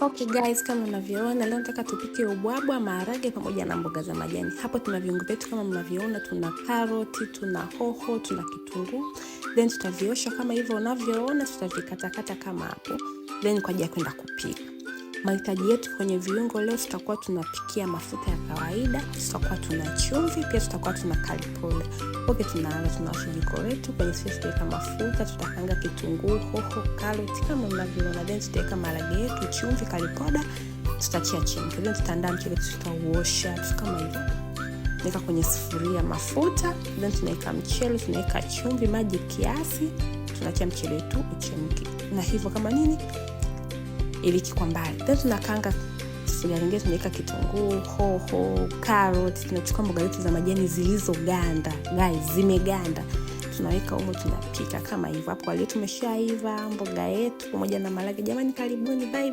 Okay guys, kama unavyoona leo nataka tupike ubwabwa, maharage pamoja na mboga za majani. Hapo tuna viungo vyetu kama mnavyoona, tuna karoti, tuna hoho, tuna kitunguu, then tutaviosha kama hivyo unavyoona, tutavikatakata kama hapo, then kwa ajili ya kwenda kupika mahitaji yetu kwenye viungo leo tutakuwa tunapikia mafuta ya kawaida, tutakuwa tuna chumvi, pia tutakuwa tuna kalipole Oke, tunaanza, tuna washujiko wetu Kwenye sisi tutaweka mafuta, tutakanga kitunguu, hoho, karoti kama mnavyoona, then tutaweka marage yetu, chumvi, kalipoda, tutachia chini, then tutaandaa mchele, tutauosha tu kama hivyo tunaweka kwenye sufuria mafuta, then tunaweka mchele, tunaweka chumvi, maji kiasi, tunachia mchele wetu uchemke, na hivyo kama nini iliki kwa mbali, then tunakaanga sufuria nyingine, tunaweka kitunguu, hoho, karoti, tunachukua mboga zetu za majani zilizoganda, guys, zimeganda tunaweka humo, tunapika kama hivyo. Hapo walio tumeshaiva mboga yetu pamoja na malage Jamani, karibuni, bye.